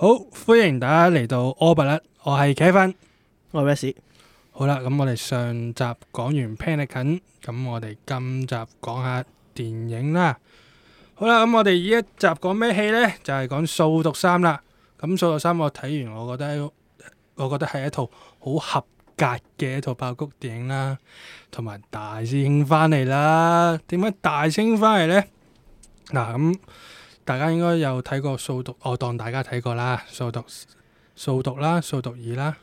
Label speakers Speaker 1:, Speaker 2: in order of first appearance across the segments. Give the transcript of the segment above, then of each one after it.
Speaker 1: 好，歡迎大家嚟到 All But Lat，我係 Kevin，我係 Best。好啦，咁我哋上集講完 Panic，咁我哋今集講下電影啦。好啦，咁我哋依一集講咩戲呢？就係、是、講《掃毒三》啦。咁《掃毒三》，我睇完，我覺得，我覺得係一套好合格嘅一套爆谷電影啦，同埋大師兄返嚟啦。點解大師兄返嚟呢？嗱、啊、咁。大家應該有睇過掃毒，我當大家睇過啦。掃毒、掃毒啦、掃毒二啦，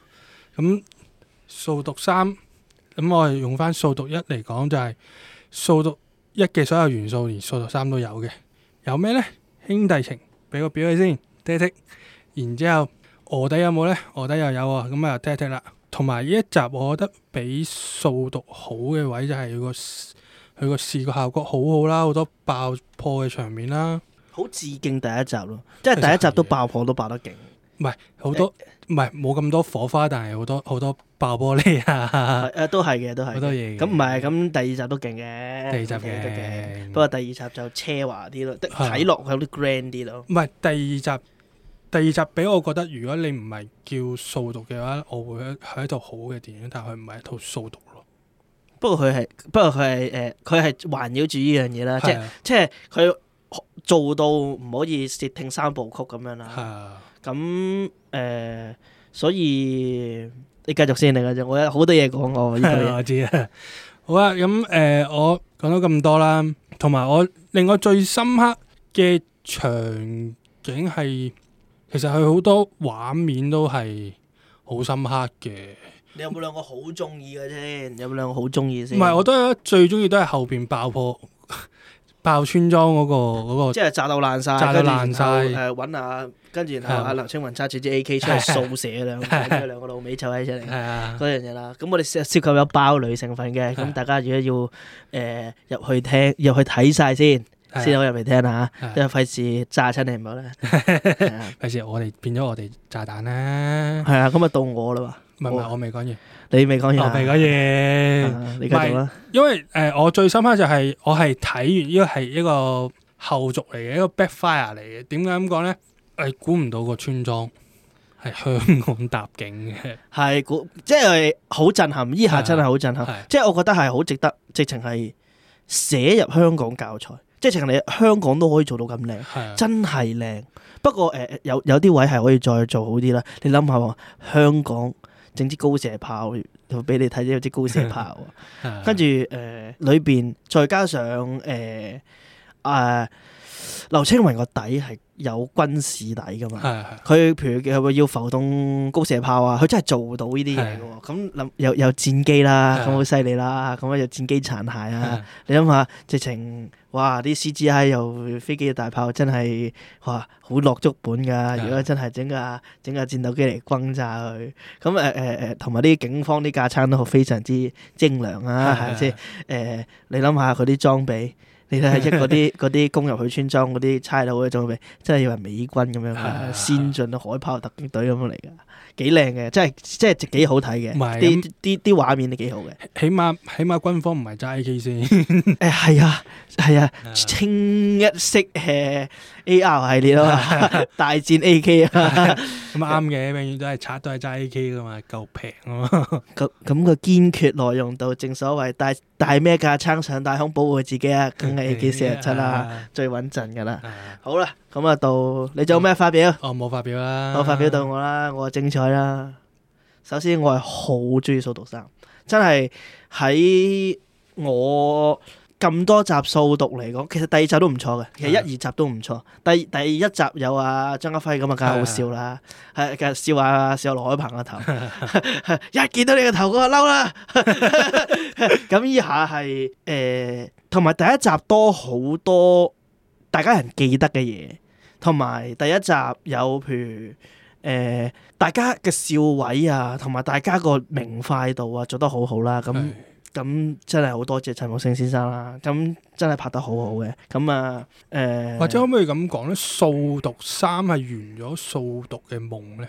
Speaker 1: 咁掃毒三，咁、嗯、我係用翻掃毒一嚟講，就係掃毒一嘅所有元素，連掃毒三都有嘅。有咩呢？兄弟情，俾個表你先，踢踢。然之後，臥底有冇呢？臥底又有喎，咁啊又踢踢啦。同埋呢一集，我覺得比掃毒好嘅位就係佢個佢個視覺效果好好啦，好多爆破嘅場面啦。
Speaker 2: 好致敬第一集咯，即係第一集都爆破都爆得勁，
Speaker 1: 唔係好多，唔係冇咁多火花，但係好多好多爆玻璃啊，誒都係嘅，都係好多嘢。咁
Speaker 2: 唔係咁，第二集都勁嘅，第二集都幾勁。不過第二集就奢華啲咯，睇落有啲 grand 啲咯。唔係第二集，第
Speaker 1: 二集俾我覺得，如果你唔係叫掃毒嘅話，我會喺一套好嘅電影，但係佢唔係一套掃毒咯。
Speaker 2: 不過佢係，不過佢係，誒，佢係環繞住呢樣嘢啦，即係即係佢。做到唔可以竊聽三部曲咁樣啦，咁誒、啊呃，所以你繼續先嚟啦，我有好多嘢講，我我知啊，好啊，咁、嗯、誒、呃，我講到咁多啦，同埋
Speaker 1: 我令我最深刻嘅場景係，其實佢好多畫面都係好深刻嘅。
Speaker 2: 你有冇兩個好中意嘅先？有冇兩個
Speaker 1: 好中意先？唔係，我覺得最中意都係後邊爆破。爆村莊嗰個嗰個，即係炸到爛晒，炸到爛晒，誒
Speaker 2: 搵下，跟住然後阿劉青雲揸住支 A K 出嚟掃射兩個，兩個老味，出喺出嚟嗰樣嘢啦。咁我哋涉及有爆雷成分嘅，咁是的 大家如果要誒入、呃、去聽入去睇晒先，先好入嚟聽下。吓，都係費事炸親你唔好啦。費事我哋變咗我哋
Speaker 1: 炸彈啦。係啊，
Speaker 2: 咁啊到我啦。唔係唔係，喔、我未講完，你未講完，我未講完，你繼續啦。
Speaker 1: 因為誒、呃，我最深刻就係、是、我係睇完呢個係一個後續嚟嘅一個 backfire 嚟嘅。點解咁講咧？係估唔到個
Speaker 2: 村莊係香港搭景嘅，係估即係好震撼。呢下真係好震撼，即係我覺得係好值得，直情係寫入香港教材。即係情你香港都可以做到咁靚，的真係靚。不過誒、呃，有有啲位係可以再做好啲啦。你諗下，香港。香港整支高射炮，就俾你睇咗有支高射炮， 跟住誒、呃、裏邊，再加上誒誒。呃呃劉青雲個底係有軍事底噶嘛？佢是的 譬如佢會要浮動高射炮啊，佢真係做到呢啲嘢嘅。咁諗又又戰機啦，咁好犀利啦。咁啊又戰機殘骸啊，是的 你諗下，直情哇啲 C G I 又飛機又大炮，真係哇好落足本噶。如果真係整架整架戰鬥機嚟轟炸佢，咁誒誒誒，同埋啲警方啲架撐都好非常之精良啊，係咪先？誒、呃呃，你諗下佢啲裝備。 你睇下即係嗰啲嗰啲攻入去村莊嗰啲差佬嗰種咪，真係以為美軍咁樣嘅 先進海豹特警隊咁樣嚟嘅，幾靚嘅，真係即係幾好睇嘅，啲啲啲畫面都幾好嘅。起碼起碼軍方唔係齋 AK 先。誒係啊係啊，啊啊 清一色嘿。A.R. 系列咯， 大戰 A.K. 啊咁啱嘅，永遠都
Speaker 1: 係拆都係揸
Speaker 2: A.K. 噶嘛，夠平啊嘛。咁咁個堅決耐用度，正所謂帶帶咩架撐上太空保護自己啊，梗係 A.K. 四十七啦，哎、呀最穩陣噶啦。哎、呀好啦，咁啊到你仲有咩發表？哦、嗯，冇發表啦。我發表到我啦，我精彩啦。首先我係好中意掃毒三，真係喺我。咁多集掃毒嚟講，其實第二集都唔錯嘅，其實一、是啊、二集都唔錯。第第一集有啊張，張家輝咁啊，梗係好笑啦，係是、啊、笑下、啊、笑下、啊、羅海鵬個頭， 一見到你個頭我就嬲啦。咁以、 嗯、下係誒，同、呃、埋第一集多好多大家人記得嘅嘢，同埋第一集有譬如誒、呃，大家嘅笑位啊，同埋大家個明快度啊，做得好好啦。咁、嗯咁真係好多謝陳木勝先生啦！咁真係拍得好好嘅。咁啊，誒、呃、或者可唔可以咁講咧？《掃毒三》係完咗《掃毒》嘅夢呢？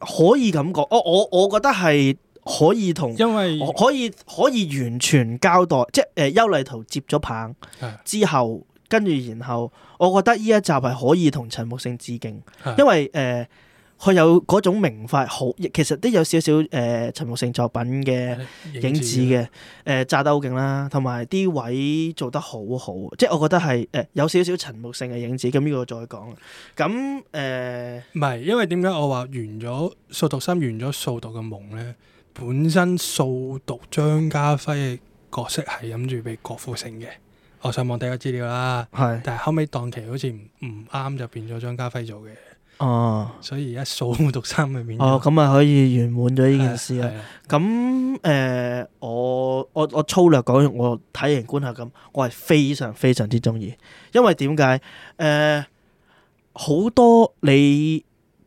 Speaker 2: 可以咁講，我我我覺得係可以同，因為可以可以完全交代，即係誒邱禮濤接咗棒是的 之後，跟住然後，我覺得呢一集係可以同陳木勝致敬，是的 因為誒。呃佢有嗰種明快，好其實都有少少誒陳木勝作品嘅影子嘅，誒炸、呃、得好勁啦，同埋啲位做得好好，即係我覺得係誒、呃、有少少陳木勝嘅影子，咁呢個再講。咁誒
Speaker 1: 唔係，因為點解我話完咗掃毒三完咗掃毒嘅夢咧？本身掃毒張家輝嘅角色係諗住俾郭富城嘅，我上網睇下資料啦，係是，但係後尾檔期好似唔唔啱，就變咗張家輝做嘅。
Speaker 2: 哦，所
Speaker 1: 以而家掃毒三咪面。哦，咁
Speaker 2: 啊可以圓滿咗呢件事啦。咁誒、哎哎呃，我我我粗略講，我睇完觀後感，我係非常非常之中意，因為點解誒好多你誒、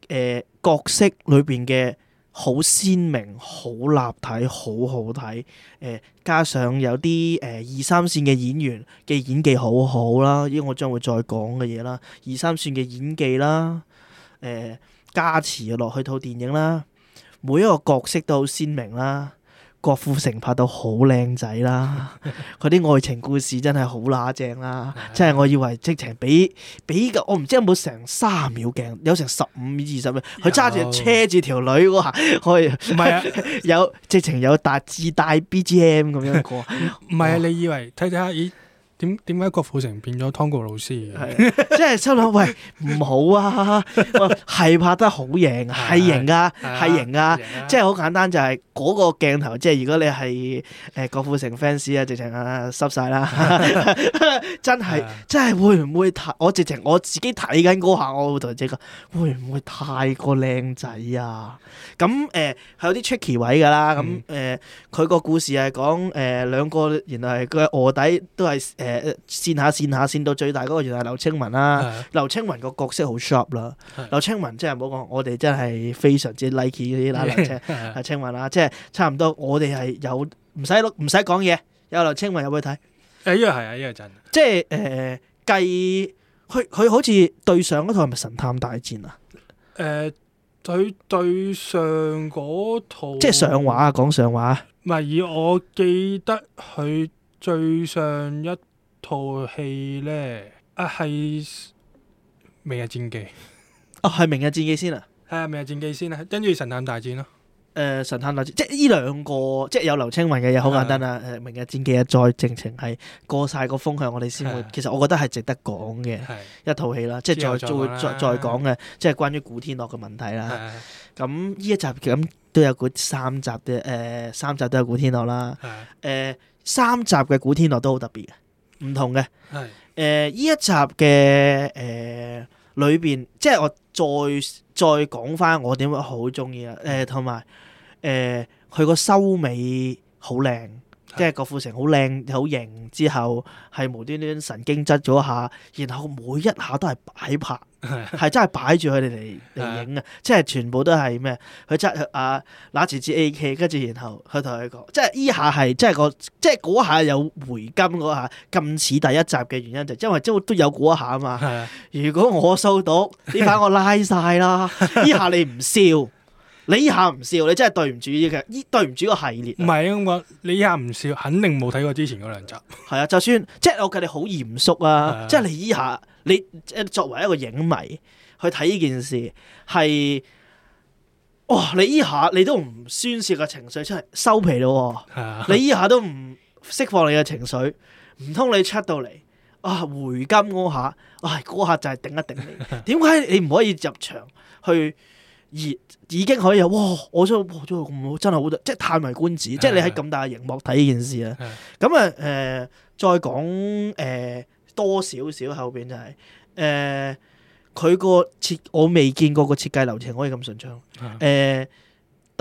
Speaker 2: 呃、角色裏邊嘅好鮮明、好立體、好好睇誒，加上有啲誒、呃、二三線嘅演員嘅演技好好啦，依我將會再講嘅嘢啦，二三線嘅演技啦。誒、呃，加持落去套電影啦，每一個角色都好鮮明啦，郭富城拍到好靚仔啦，佢啲 愛情故事真係好乸正啦， 真係我以為直情比比個我唔知有冇成三秒鏡，有成十五秒、二十秒，佢揸住車住條女，哇，可以，唔係啊， 有直情有達志帶 BGM 咁樣過，唔係 啊， 你以為睇睇下？咦？點點解郭富城變咗湯告老師嘅？即係心諗，喂，唔好啊！係 拍得好型，係型的啊，係型啊！啊即係好簡單，就係、是、嗰個鏡頭，即係如果你係誒郭富城 fans 啊，直情啊濕晒啦！真係是的真係會唔會太？我直情我自己睇緊嗰下，我會同你講，會唔會太過靚仔啊？咁誒係有啲 tricky 位㗎啦。咁誒佢個故事係講誒、呃、兩個、呃，原來係個臥底都係誒線下線下線到最大嗰個就係劉青雲啦、啊，啊、劉青雲個角色好 sharp 啦、啊，劉青雲真係唔好講，我哋真係非常之 like 啲啦，劉青劉青雲啊，即係差唔多我，我哋係有唔使唔使講嘢，有劉青雲入去睇
Speaker 1: 誒，依、欸這個係啊，依、這個
Speaker 2: 真，即係誒誒，計佢佢好似對上嗰套係咪《是是神探大戰》啊？誒、
Speaker 1: 呃，佢對，對上嗰套即係上畫啊，講上畫，唔係以我記得佢最上一。套戲呢，啊，係、啊啊，《明日戰記》啊，係《明日戰記》先啊，係《明日戰記》先啊，跟住《神探大戰》咯。誒，呃《神探大戰》即係呢兩個，即
Speaker 2: 係有劉青雲嘅嘢，好簡單啦。誒的，呃《明日戰記》啊，再正情係過晒個風向，我哋先會。的其實我覺得係值得講嘅一套戲啦，即係再再再講嘅，即係關於古天樂嘅問題啦。咁呢的、嗯、一集咁都有古三集嘅，誒、呃，三集都有古天樂啦。誒、呃，三集嘅古天樂、呃、都好特別。唔同嘅，誒、呃、呢一集嘅誒裏邊，即係我再再講翻我點解好中意啦，誒同埋誒佢個收尾好靚。即係郭富城好靚好型之後，係無端端神經質咗下，然後每一下都係擺拍，係 真係擺住佢哋嚟嚟影啊！ 即係全部都係咩？佢真係啊，拿住支 AK，跟住然後佢同佢講，即係依下係即係個即係嗰下有回甘嗰下，咁似第一集嘅原因就因為都有嗰下啊嘛。 如果我收到你排我拉晒啦，依 下你唔笑。你依下唔笑，你真係對唔住呢個，依對唔住個系列。唔係咁講，你依下唔笑，肯定冇睇過之前嗰兩集。係 啊，就算即係我覺得好嚴肅啊，啊即係你依下，你作為一個影迷去睇呢件事，係哇、哦！你依下你都唔宣泄個情緒出嚟，收皮咯、啊。啊、你依下都唔釋放你嘅情緒，唔通你出到嚟啊？回甘嗰下，唉、哎，嗰下就係頂一頂你。點解 你唔可以入場去？而已經可以有哇！我真係哇，做得咁好，真係好即係歎為觀止。的即係你喺咁大嘅熒幕睇呢件事啊。咁啊誒，再講誒、呃、多少少後邊就係、是、誒，佢個設我未見過個設計流程可以咁順暢。誒的、呃、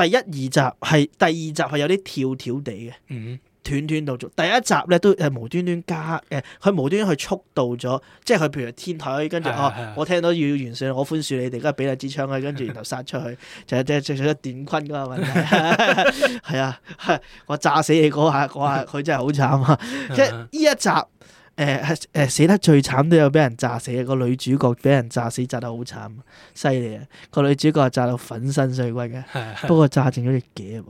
Speaker 2: 第一二集係，第二集係有啲跳跳地嘅。嗯斷斷續續，第一集咧都係無端端加誒，佢無端端去速度咗，即係佢譬如天台、啊、跟住哦 Yeah, yeah,、啊，我聽到要完事，我寬恕你哋，而家俾你支槍啊，跟住然後殺出去 就，就即係即係電坤嗰個問題，係 啊，啊我炸死你嗰下，嗰下佢真係好慘啊！ 即係呢一集誒、啊、誒、啊、 死得最慘都有俾人炸死嘅個女主角，俾人炸死炸得好慘，犀利啊！啊、個女主角係炸到粉身碎骨嘅，不過炸剩咗隻腳喎。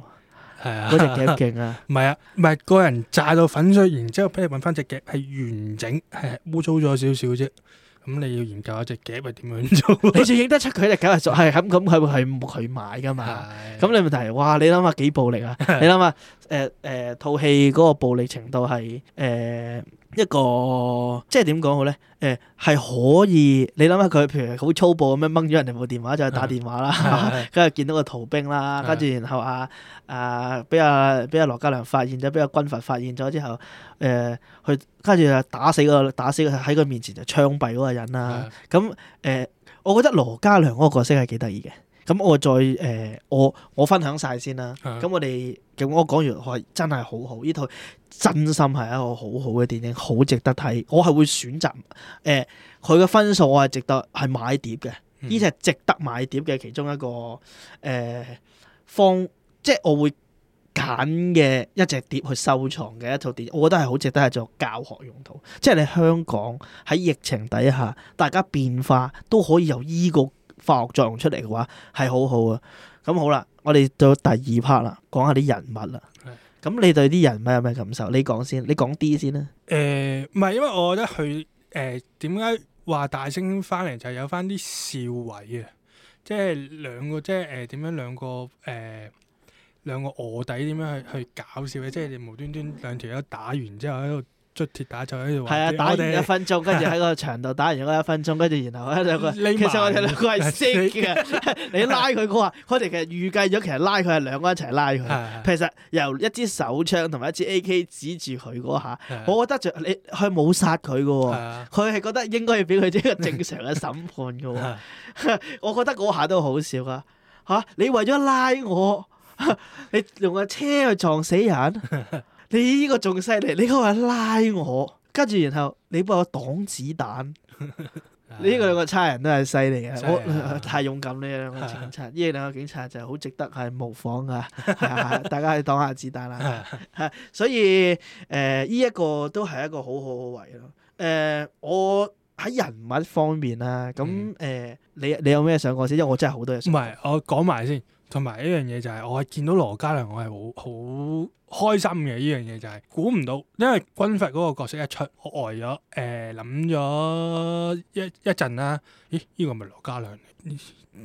Speaker 2: 係 啊，嗰隻腳勁啊，唔係啊，
Speaker 1: 唔係個人炸到粉碎，然之後俾你揾翻隻腳係完整，係
Speaker 2: 污糟咗少少啫。咁你要研究下隻夾係點樣做？ 你仲認得出佢隻夾係屬咁佢係係佢買噶嘛？咁你的問題，哇！你諗下幾暴力啊？的你諗下誒誒套戲嗰個暴力程度係誒、呃、一個，即係點講好咧？誒、呃、係可以，你諗下佢譬如好粗暴咁樣掹咗人哋部電話就去、是、打電話啦，跟住見到個逃兵啦，跟住的然後啊、呃、啊，俾啊俾啊羅嘉良發現咗，俾啊軍閥發現咗之後，誒、呃、去。去跟住就打死個打死個喺佢面前就槍斃嗰個人啦。咁誒的、嗯嗯，我覺得羅嘉良嗰個角色係幾得意嘅。咁我再誒、呃，我我分享晒先啦。咁的、嗯嗯、我哋咁我講完，我真係好好呢套，真心係一個好好嘅電影，好值得睇。我係會選擇誒，佢、呃、嘅分數我係值得係買碟嘅。呢隻係值得買碟嘅其中一個誒方、呃，即係我會。揀嘅一隻碟去收藏嘅一套碟，我覺得係好值得係做教學用途。即係你香港喺疫情底下，大家變化都可以由依個化學作用出嚟嘅話，係好好啊。咁好啦，我哋到第二 part 啦，講下啲人物啦。咁是你對啲人物有咩感受？你講先，你講啲先啦。
Speaker 1: 誒，唔係，因為我覺得佢誒，呃、聲聲點解話大聲翻嚟就有翻啲笑位啊？即係兩個，即係誒，點、呃、樣兩個誒？呃兩個臥底點樣去去搞笑嘅？即係你無端端兩條友打完之後喺度捽鐵打，打，打就喺度，係啊，打完一分鐘，跟住喺
Speaker 2: 個場度打完一分鐘，跟住然後咧兩個，其實我哋兩個係識嘅。 你拉佢嗰下，佢哋其實預計咗，其實拉佢係兩個一齊拉佢。其實、啊、由一支手槍同埋一支 A K 指住佢嗰下，啊、我覺得就你佢冇殺佢嘅喎，佢係、啊、覺得應該要俾佢一個正常嘅審判嘅喎。我覺得嗰下都好笑㗎，嚇、啊、你為咗拉我。 你用架車去撞死人， 你呢個仲犀利，你嗰個拉我，跟住然後你幫我擋子彈，呢 個兩個差人都係犀利嘅，好 太勇敢呢兩個警察，呢 兩個警察就係好值得係模仿噶，係啊，大家去擋下子彈啦，係， 所以誒呢、呃這個、一個都係一個好好好位咯，誒、呃、我喺人物方面啦，咁誒、呃、你你有咩想講先？嗯、因為我真係好多嘢想
Speaker 1: 唔係，我講埋先。同埋一樣嘢就係，我係見到羅嘉良，我係好好開心嘅。依樣嘢就係估唔到，因為軍閥嗰個角色一出，我呆咗，誒諗咗一一陣啦。咦？依個咪羅嘉良？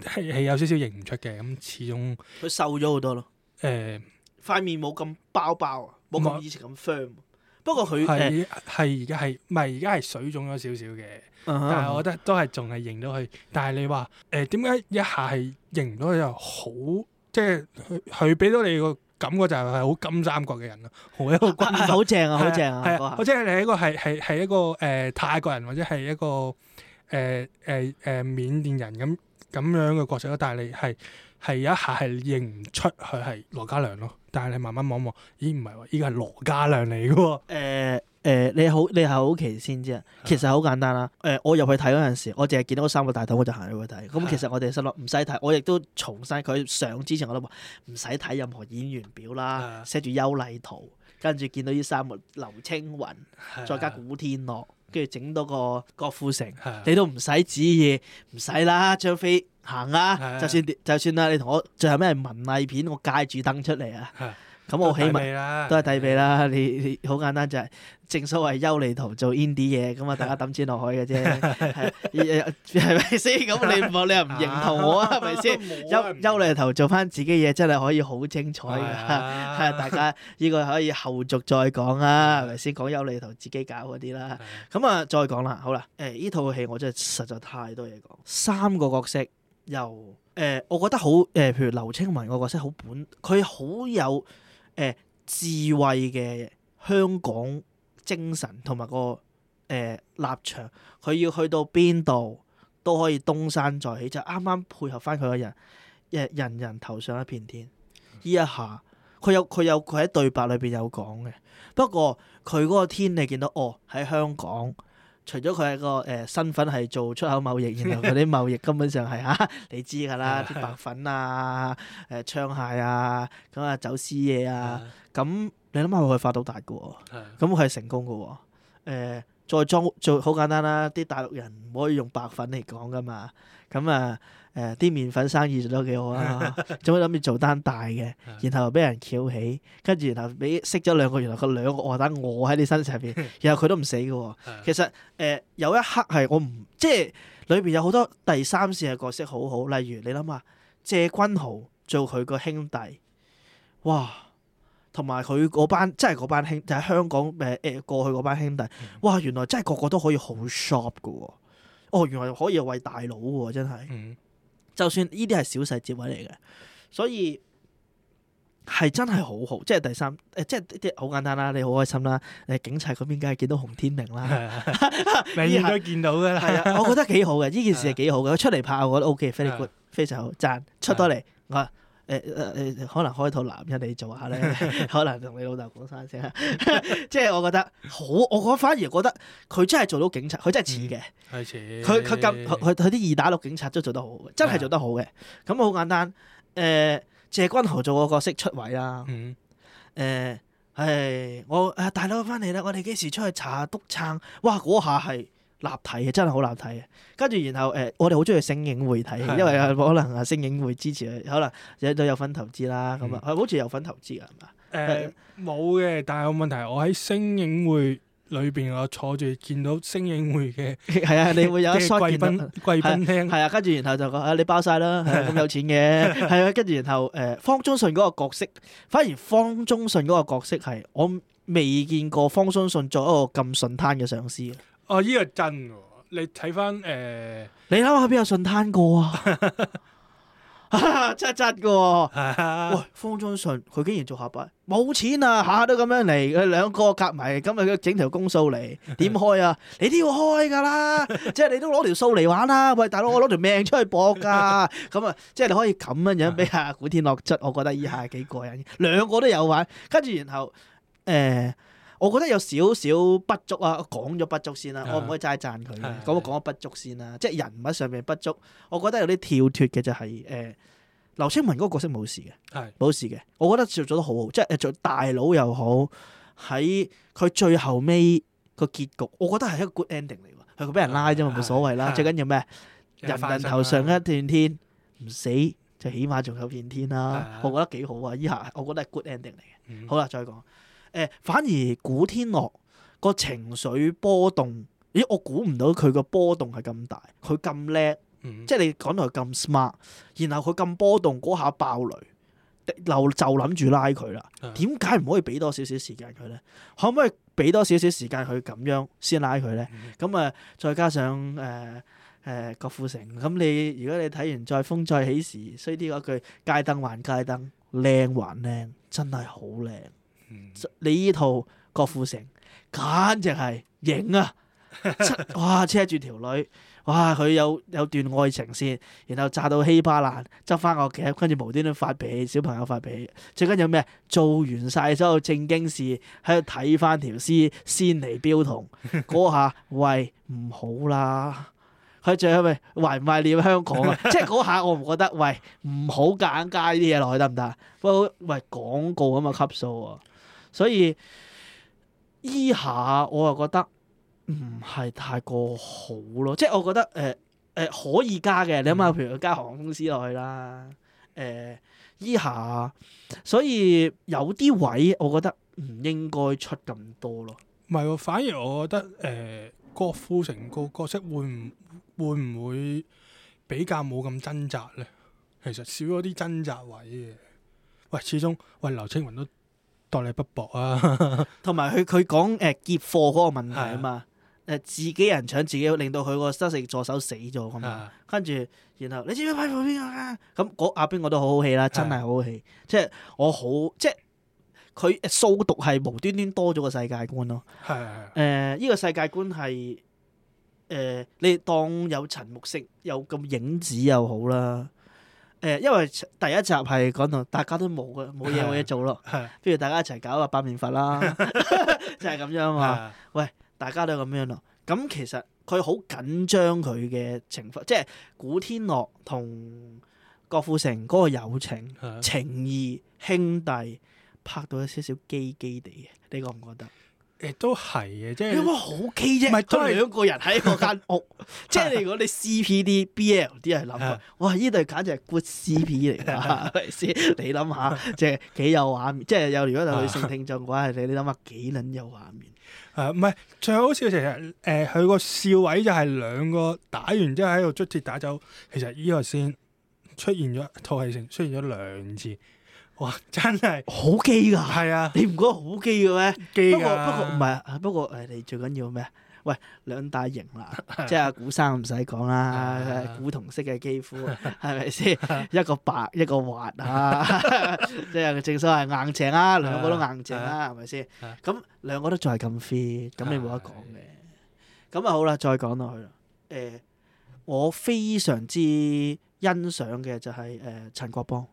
Speaker 1: 係有少少認唔出嘅，咁始終
Speaker 2: 佢瘦咗好多咯。誒，塊面冇咁包包，冇咁以前咁 firm。不過佢
Speaker 1: 係而家係唔係而家係水腫咗少少嘅？但係我覺得都係仲係認到佢。但係你話誒點解一下係？認唔到佢就好，即係佢，佢俾到你個感覺就係好金三角嘅人咯，好一個骨，好正啊！好正啊！係啊，即係你喺一個係係係一個誒泰國人或者係一個誒誒誒緬甸人咁咁樣嘅角色，但係你係係有一下係認唔出佢係羅嘉良咯，但係你慢慢望一望，咦！
Speaker 2: 唔係喎，依個係羅嘉良嚟嘅喎。誒、呃。誒、呃、你好，你係好奇先啫。其實好簡單啦。誒我入去睇嗰陣時，我淨係見到三個大頭，我就行入去睇。咁其實我哋心諗，唔使睇。我亦都重申，佢上之前我都話唔使睇任何演員表啦，寫住優麗圖，跟住見到呢三個劉青雲，再加古天樂，跟住整多個郭富城，你都唔使旨意，唔使啦。張飛行啦、啊，就算就算啊，你同我最後咩文藝片，我介住燈出嚟啊。咁、嗯、我起碼都係睇俾啦，你你好簡單就係、是、正所謂優利頭做 indie 嘢，咁 啊大家抌錢落海嘅啫，係咪先？咁你唔話你係唔認同我啊？係咪先？優優利頭做翻自己嘢真係可以好精彩㗎，係啊！大家依、這個可以後續再講 啊，係咪先？講優利頭自己搞嗰啲啦。咁啊， 再講啦，好啦，誒依套戲我真係實在太多嘢講，三個角色由誒、欸，我覺得好誒，譬如劉青雲個角色好本，佢好有。誒、呃、智慧嘅香港精神同埋、個誒、呃、立場，佢要去到邊度都可以東山再起，就啱啱配合翻佢個人，誒、呃、人人頭上一片天，呢一下佢有佢有佢喺對白裏邊有講嘅，不過佢嗰個天你見到哦喺香港。除咗佢係個誒、呃、身份係做出口貿易，然後佢啲貿易根本上係嚇， 你知㗎啦，啲的白粉啊、誒的、呃、槍械啊，咁、嗯、啊走私嘢啊，咁的你諗下佢可以發到大嘅喎，咁佢係成功㗎喎，誒、呃、再裝就好簡單啦，啲大陸人唔可以用白粉嚟講㗎嘛，咁、嗯、啊。呃誒啲麵粉生意做得幾好 啊？做咩諗住做單大嘅，然後俾人翹起，跟住然後俾識咗兩個，原來佢兩個臥底我喺你身上面，然後佢都唔死嘅、喎。 其實誒、呃、有一刻係我唔即係裏邊有好多第三線嘅角色好好，例如你諗下，謝君豪做佢個兄弟，哇！同埋佢嗰班即係嗰班兄就係香港誒、呃、過去嗰班兄弟，哇！原來真係個個都可以好 sharp 噶喎，哦，原來可以為大佬喎，真係。 就算呢啲係小細節位嚟嘅，所以係真係好好，即係第三，即係呢啲好簡單啦，你好開心啦，誒，警察嗰邊梗係見到洪天明啦，你應該見到噶啦，係啊，我覺得幾好嘅，呢件事係幾好嘅，佢、啊、出嚟拍我覺得 O K，非常非常好，讚、啊，good，啊、出到嚟。我誒誒誒，可能開套男人嚟做下咧，可能同你老豆講聲先。即係我覺得好，我反而覺得佢真係做到警察，佢真係似嘅，係似。佢佢咁，佢佢啲二打六警察都做得好好嘅，真係做得好嘅。咁好、啊、簡單，誒、呃，謝君豪做嗰個角色出位啦。嗯。誒、呃哎，我、啊、大佬翻嚟啦，我哋幾時出去查下督撐？哇，嗰下係。立體嘅真係好立體嘅，跟住然後誒、呃，我哋好中意星影會睇，因為可能啊星影會支持佢，可能有都有份投資啦。咁啊、嗯嗯，好似有份投資啊，係嘛呃？誒
Speaker 1: 冇嘅，但係個問題我喺星影會裏邊，我坐住見到星影會嘅係 啊，你會有一衰貴賓貴賓
Speaker 2: 廳係啊，跟住貴、啊、然後就講 啊，你包晒啦，咁、啊、有錢嘅係啊，跟住 然後誒方中信嗰個角色，反而方中信嗰個角色係我未見過方中信做一個咁順攤嘅上司。
Speaker 1: 哦，依個真喎！你睇翻誒，呃、
Speaker 2: 你諗下邊有順攤過啊？哈哈哈哈喎， 喂，方中信，佢竟然做合白，冇錢啊！下下都咁樣嚟，佢兩個夾埋，咁啊佢整條公數嚟點開啊？ 你都要開噶啦！即係 你都攞條數嚟玩啦！喂，大佬我攞條命出去搏噶，咁啊， 即係你可以咁樣樣俾下古天樂質，我覺得以下幾過癮。兩個都有玩，跟住然後誒。呃呃我覺得有少少不足啊，講咗不足先啦，我唔可以齋讚佢嘅，講一講一不足先啦，即係人物上面不足，我覺得有啲跳脫嘅就係誒，劉青雲嗰個角色冇事嘅，冇事嘅，我覺得做做得好好，即係做大佬又好，喺佢最後尾個結局，我覺得係一個 good ending 嚟喎，係佢俾人拉啫嘛，冇所謂啦，最緊要咩？人人頭上一段天，唔死就起碼仲有片天啦，我覺得幾好啊，依下我覺得係 good ending 嚟嘅，好啦，再講。誒反而古天樂個情緒波動，咦？我估唔到佢個波動係咁大，佢咁叻，嗯、哼即係你講到佢咁 smart，然後佢咁波動嗰下爆雷，劉就諗住拉佢啦。點解唔可以俾多少少時間佢咧？可唔可以俾多少少時間佢咁樣先拉佢咧？咁啊、嗯哼，再加上誒誒、呃呃、郭富城，咁你如果你睇完再風再起時，所以嗰句街燈還街燈，靚還靚，真係好靚。你依套郭富城簡直係型啊！哇，車住條女，哇，佢有有段愛情線，然後炸到稀巴爛，執翻個腳，跟住無端端發脾氣，小朋友發脾氣，最緊要咩？做完晒所有正經事，喺度睇翻條絲，先嚟飆同嗰下，喂唔好啦！佢最係咪懷唔懷念香港啊？即係嗰下我唔覺得，喂唔好夾硬加呢啲嘢落去得唔得？不過喂廣告啊嘛，級數啊。所以依下我就覺得唔係太過好咯，即係我覺得誒誒、呃呃、可以加嘅，你諗下，譬如佢加航空公司落去啦，誒、呃、依下，所以有啲位我覺得唔應該出咁多咯。唔係喎，反而我覺得誒、呃、郭富城
Speaker 1: 個角色會唔會唔會比較冇咁掙扎咧？其實少咗啲掙扎位嘅，喂，始終喂劉青雲都。得你不薄
Speaker 2: 啊哈哈！同埋佢佢講誒劫貨嗰個問題啊嘛，誒是、啊呃、自己人搶自己，令到佢個失食助手死咗咁啊！跟住然後你知唔知批判邊個啊？咁嗰阿邊個都好好戲啦，真係好戲是、啊、好戲！即係我好即係佢掃毒係無端端多咗個世界觀咯。誒呢是、啊呃這個世界觀係誒、呃、你當有陳木勝有咁影子又好啦。啊誒，因為第一集係講到大家都冇嘅，冇嘢冇嘢做咯，不如大家一齊搞下八面佛啦， 就係咁樣嘛。的喂，大家都係咁樣咯、啊。咁其實佢好緊張佢嘅情節，即係古天樂同郭富城嗰個友情的情義兄弟拍到一少少基基地嘅，你覺唔覺得？亦都係嘅，即係點解好 k e 啫？唔係都係兩個人喺個間屋， 即係如果你 CP d BL d 係諗嘅，哇！呢度簡直係 good CP 嚟㗎，係咪先？ 你諗下，即係幾有畫面， 即係有。如果係女性聽眾嘅話， 你你諗下幾撚有畫面？誒唔係最好笑其實誒，佢、呃、個笑
Speaker 1: 位就係兩個打完之後喺度捽跌打酒。其實呢個先出現咗
Speaker 2: 套戲性，出現咗兩次。哇！真係好基㗎，係啊！你唔覺得好基嘅咩？基㗎、啊。不過不過唔係，不過誒你最緊要咩啊？喂，兩大型啦，即係阿古生唔使講啦，古銅色嘅肌膚係咪先？一個白一個滑啊，即係 正所謂硬淨啦，兩個都硬淨啦，係咪先？咁兩個都仲係咁 free，咁你冇得講嘅。咁啊 好啦，再講落去啦。誒、欸，我非常之欣賞嘅就係、是、誒、呃呃、陳國邦。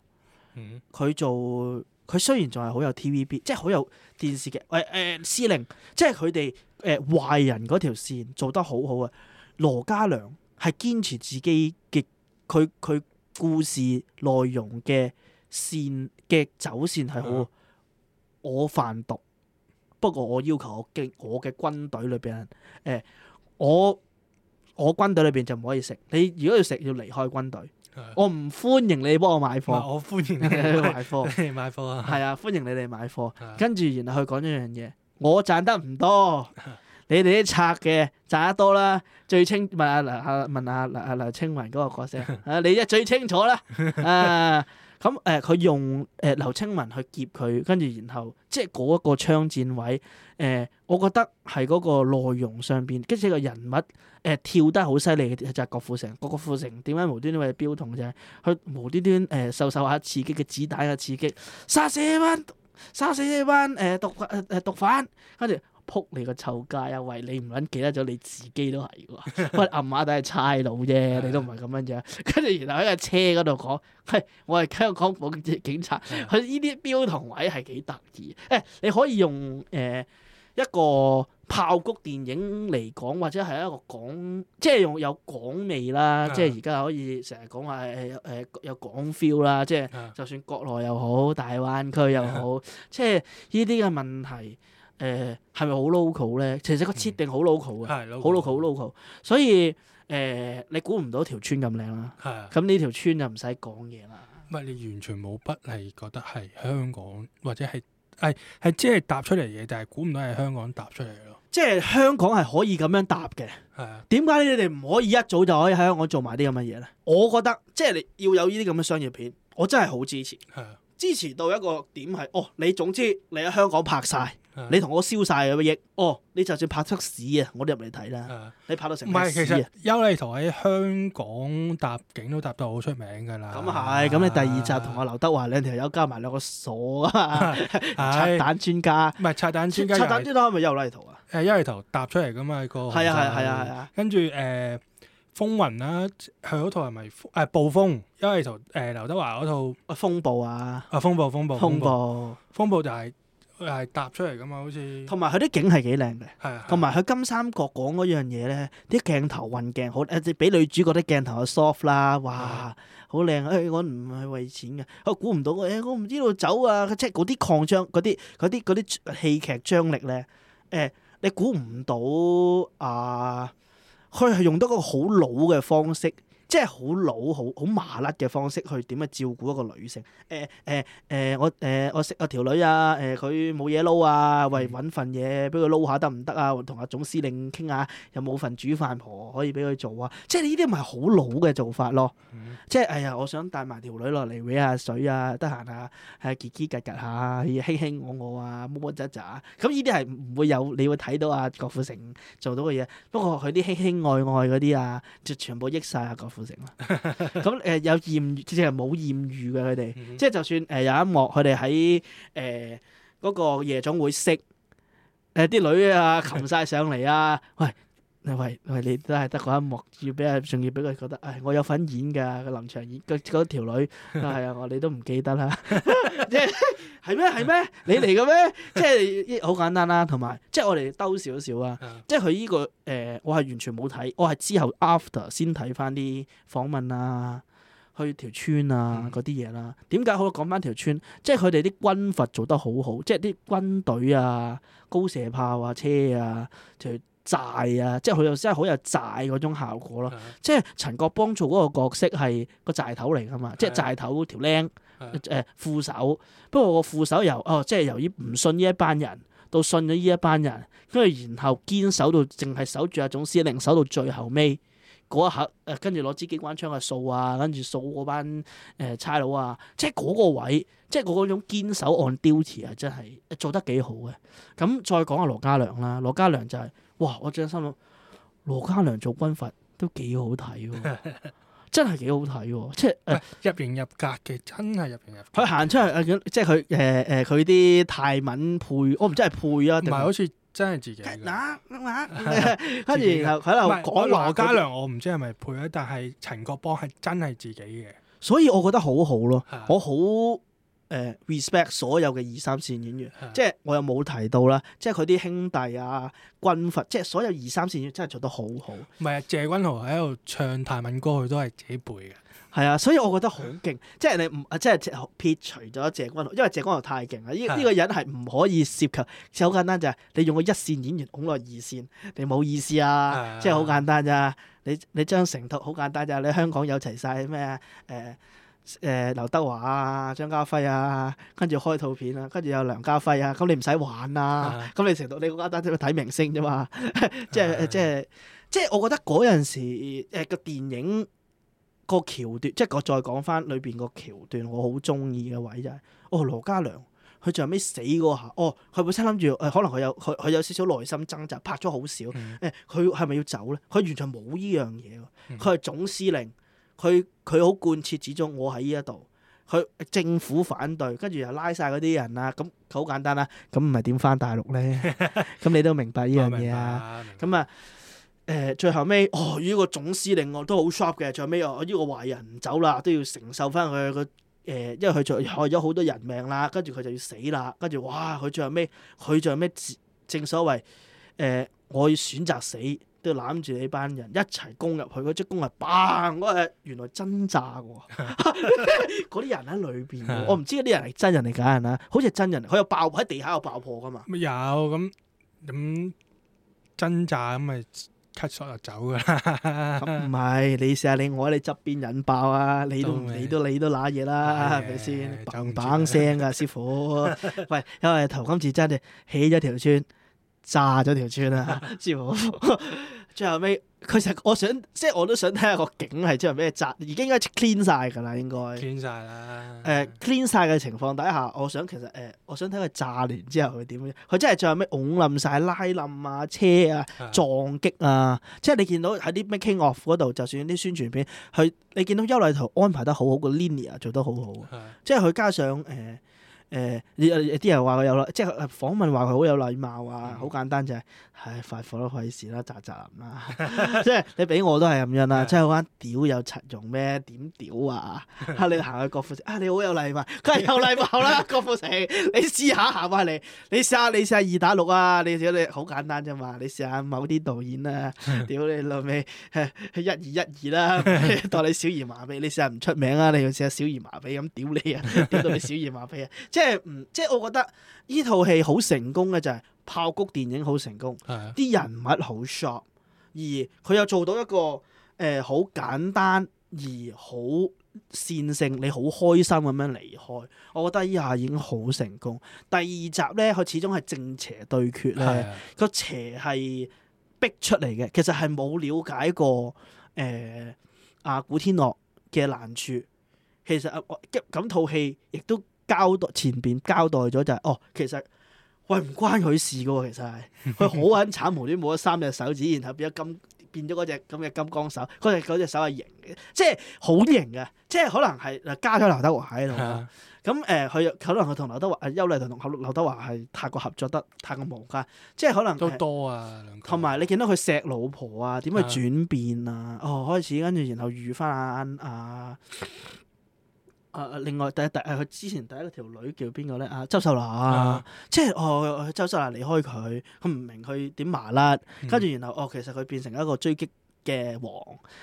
Speaker 2: 佢做佢雖然仲係好有 TVB，即係好有電視劇，誒、哎、誒、哎、司令，即係佢哋誒壞人嗰條線，做得好好啊！羅嘉良係堅持自己嘅佢佢故事內容嘅線嘅走線係好。嗯、我販毒，不過我要求我嘅我嘅軍隊裏邊誒、哎、我我軍隊裏邊就唔可以食。你如果要食，要離開軍隊。我唔歡迎你幫我買貨。唔係，我歡迎你哋 買貨。 你買貨啊，係啊，歡迎你哋買貨。 跟住，然後佢講一樣嘢，我賺得唔多，你哋啲拆嘅賺得多啦。最清，唔係啊，嗱、啊，問阿啊，劉青雲嗰個角色、 啊、你一最清楚啦。啊！ 咁誒佢用誒、嗯、劉青雲去劫佢，跟住然後即係嗰一個槍戰位誒、呃，我覺得係嗰個內容上邊，跟住個人物誒、呃、跳得好犀利嘅就係、是、郭富城，郭富城點解無端端被標同嘅就係佢無端端誒、呃、受受下刺激嘅子彈嘅刺激，殺死一班殺死一班誒毒誒毒，毒犯，跟住。撲你個臭街啊！喂你唔撚記得咗，你自己都係喎。 喂，阿馬仔係差佬啫，你都唔係咁樣啫。跟住 然後喺架車嗰度講，係、哎、我係香港警警察。佢呢啲標同位係幾得意。誒、 哎，你可以用誒、呃、一個爆谷電影嚟講，或者係一個港，即係用有港味啦。 即係而家可以成日講話誒誒有港 feel 啦。即係 就算國內又好，大灣區又好， 即係呢啲嘅問題。誒係咪好 local 咧？其實個設定好 local 嘅，好、嗯、local 好 local local。所以誒、呃，你估唔到條村咁靚啦。係、啊。咁呢條村就唔使講嘢
Speaker 1: 啦。唔係你完全冇不係覺得係香港或者係係係即係
Speaker 2: 搭出嚟嘢，但係估唔到係香港搭出嚟咯。即係香港係可以咁樣搭嘅。係啊。點解你哋唔可以一早就可以喺香港做埋啲咁嘅嘢咧？我覺得即係你要有呢啲咁嘅商業片，我真係好支持。係啊。支持到一個點係哦，你總之你喺香港拍晒。你同我燒晒，咁嘅嘢，哦！你就算拍出屎啊，我都入嚟睇啦。啊、你拍到成唔係其實，
Speaker 1: 邱禮濤喺香港搭景都搭到好出名㗎喇。咁係，
Speaker 2: 咁你第二集同阿劉德華兩條友加埋兩個鎖啊，拆彈 專家。唔係拆彈專家、就係，拆彈專家係咪邱禮濤啊？誒、呃，邱禮濤搭出嚟㗎嘛？呢個係啊係啊係啊係啊！啊啊啊跟
Speaker 1: 住誒、呃、風雲啦，佢嗰套係咪誒暴風？邱禮濤誒劉
Speaker 2: 德華嗰套啊風暴啊？啊風暴風暴風暴，風暴，風，暴風暴就係、係。佢係搭出嚟噶嘛，好似同埋佢啲景係幾靚嘅，同埋佢金三角講嗰樣嘢咧，啲鏡頭運鏡好誒，俾女主角啲鏡頭有 soft 啦，哇，好靚是的！唉、哎，我唔係為錢嘅，我估唔到，唉、哎，我唔知道走啊即係嗰啲擴張，嗰啲嗰啲嗰啲戲劇張力咧，誒、哎，你估唔到啊？佢係用得個好老嘅方式。即係好老好好麻甩嘅方式去點樣照顧一個女性？誒誒誒，我誒我識阿條女啊！誒佢冇嘢撈啊，喂揾份嘢俾佢撈下得唔得啊？同阿總司令傾下，有冇份煮飯婆可以俾佢做啊？即係呢啲咪好老嘅做法咯。即係哎呀，我想帶埋條女落嚟搲下水啊！得閒啊，係吉吉格格下，要卿卿我我啊，乜乜喳喳。咁呢啲係唔會有你會睇到啊？郭富城做到嘅嘢，不過佢啲卿卿愛愛嗰啲啊，就全部益晒。啊！郭完成啦。咁誒有艷遇，即係冇艷遇嘅佢哋。即係就算誒有一幕，佢哋喺誒嗰個夜總會識誒啲、呃、女啊，擒晒上嚟啊，喂、哎！喂喂你都係得嗰一幕，要俾阿仲要俾佢覺得，唉，我有份演噶個林場演個嗰條女，係啊，就是、我你都唔記得啦，係咩係咩？你嚟嘅咩？即係好簡單啦，同埋即係我哋兜少少啊。即係佢呢個誒，我係完全冇睇，我係之後 after 先睇翻啲訪問啊，去條村啊嗰啲嘢啦。點解、啊、好講翻條村？即係佢哋啲軍閥做得好好，即係啲軍隊啊、高射炮啊、車啊，就。寨啊，即係佢又真係好有寨嗰種效果咯。啊、即係陳國邦做嗰個角色係個寨頭嚟噶嘛，即係寨頭條靚誒副手。不過個副手由哦，即係由於唔信呢一班人到信咗呢一班人，跟住然後堅守到淨係守住阿總司令，守到最後尾嗰一刻跟住攞支機關槍去掃啊，跟住掃嗰班誒差佬啊。即係嗰個位，即係嗰個種堅守按 duty 係真係做得幾好嘅。咁再講下羅嘉良啦，羅嘉良就係、是。哇！我真心諗羅嘉良做軍閥都幾好睇喎， 真係幾好睇喎，即係入型入格嘅，真係入型入格。佢行出去，即係佢誒誒佢啲泰文配，我唔知係配啊定係好似真係自己。嗱嗱， 跟住佢喺度講羅嘉良，
Speaker 1: 我唔知係咪配啊，但係陳國邦係真係自己
Speaker 2: 嘅，所以我覺得好好咯，的我好。誒、uh, respect 所有嘅二三線演員，的即係我又冇提到啦，即係佢啲兄弟啊、軍閥，即係所有二三線演員真係做得好好。唔係啊，謝君豪喺度
Speaker 1: 唱泰文歌，佢都係自己背嘅。
Speaker 2: 係啊，所以我覺得好勁、嗯，即係你唔即係撇除咗謝君豪，因為謝君豪太勁啦。呢呢的個人係唔可以涉及，即係好簡單就係你用個一線演員捧個二線，你冇意思啊，的即係好簡單咋。你你將成套好簡單就係你香港有齊晒咩啊？呃誒、呃、劉德華啊、張家輝啊，跟住開套片啊，跟住有梁家輝啊，咁你唔使玩啦、啊，咁、uh huh. 你成日你嗰家單只睇明星啫嘛，即係即係即係我覺得嗰陣時誒個、呃、電影個橋段，即係我再講翻裏邊個橋段我、就是，我好中意嘅位就係哦羅嘉良，佢最後尾死嗰下，哦佢本身諗住可能佢有佢有少少內心掙扎，拍咗好少誒，佢係咪要走咧？佢完全冇呢樣嘢，佢係總司令。佢佢好貫徹始終，我喺呢一度，佢政府反對，跟住又拉晒嗰啲人啦，咁好簡單啦，咁唔係點翻大陸咧？咁 你都明白呢樣嘢啊？咁、呃、啊，誒最後尾哦，呢、呢個總司令我都好 shock 嘅，最後尾啊，呢、呢個壞人唔走啦，都要承受翻佢個誒，因為佢就害咗好多人命啦，跟住佢就要死啦，跟住哇，佢最後尾佢最後尾，最後尾正所謂誒、呃，我要選擇死。攬住你班人一齊攻入去，嗰隻攻係，嗰原來真炸噶，嗰 啲人喺裏邊， 我唔知啲人係真人定假人啊？好似係真人，佢又爆喺地下又爆破噶嘛。
Speaker 1: 乜有咁咁真炸咁咪 cut 索就走噶？
Speaker 2: 唔 係、啊、你試下你，我喺你側邊引爆啊！你都你都你都瀨嘢啦，係咪先？嘭嘭聲噶， 師傅，喂， 因為頭今次真係起咗條村，炸咗條村啊， 師傅父母。最後尾，佢實我想，即係我都想睇下個景係之後咩炸，已經應該 clean 曬㗎啦，應該。clean 曬
Speaker 1: 啦。
Speaker 2: 誒，clean 曬嘅情況底下，我想其實誒、呃，我想睇佢炸完之後佢點樣。佢真係最後尾擁冧晒，拉冧啊、車啊、撞擊啊，的即係你見到喺啲 making of 嗰度，就算啲宣傳片，佢你見到優麗圖安排得好好，個 linear 做得好好，的即係佢加上誒。呃呃、有啲人話佢有禮，即係訪問話佢好有禮貌啊！好、嗯、簡單就係，唉，快火咯，費事啦，紮紮林啦，即係你俾我都係咁樣啦，即係嗰間屌有柒用咩？點屌啊？嚇、 啊、你行去郭富城啊！你好有禮貌，佢係有禮貌啦、 啊，郭富城，你試下行埋嚟，你試下你試下二打六啊！你你好簡單咋嘛？你試下某啲導演啊，屌你老味，一二一二啦，當你小兒麻痹，你試下唔出名啊，你用試下小兒麻痹咁屌你啊，屌 到你小兒麻痹啊！即係，嗯，即係我覺得呢套戲好成功嘅就係爆谷電影好成功，啲、啊、人物好 short，而佢又做到一個誒好、呃、簡單而好線性，你好開心咁樣離開。我覺得依下已經好成功。第二集咧，佢始終係正邪對決咧，個、啊、邪係逼出嚟嘅，其實係冇了解過誒阿、呃啊、古天樂嘅難處。其實啊，即咁套戲亦都。交代前邊，交代咗就係、是、哦，其實喂唔關佢事嘅喎，其實係佢好肯慘，無端冇咗三隻手指，然後變咗金變咗嗰隻咁嘅金剛手，佢隻手係型嘅，即係好型嘅，即係可能係加咗劉德華喺度。咁誒是、啊嗯，佢、呃、可能佢同劉德華啊，邱麗同同劉德華係太過合作得太過無間，即係可能都多啊。同埋你見到佢錫老婆啊，點去轉變啊？是啊哦，開始跟住然後遇翻阿阿。啊啊啊！另外第一第啊，佢之前第一個條女叫邊個咧啊，周秀娜，啊、即係哦，周秀娜離開佢，佢唔明佢點麻甩，跟住、嗯、然後哦，其實佢變成一個追擊嘅王，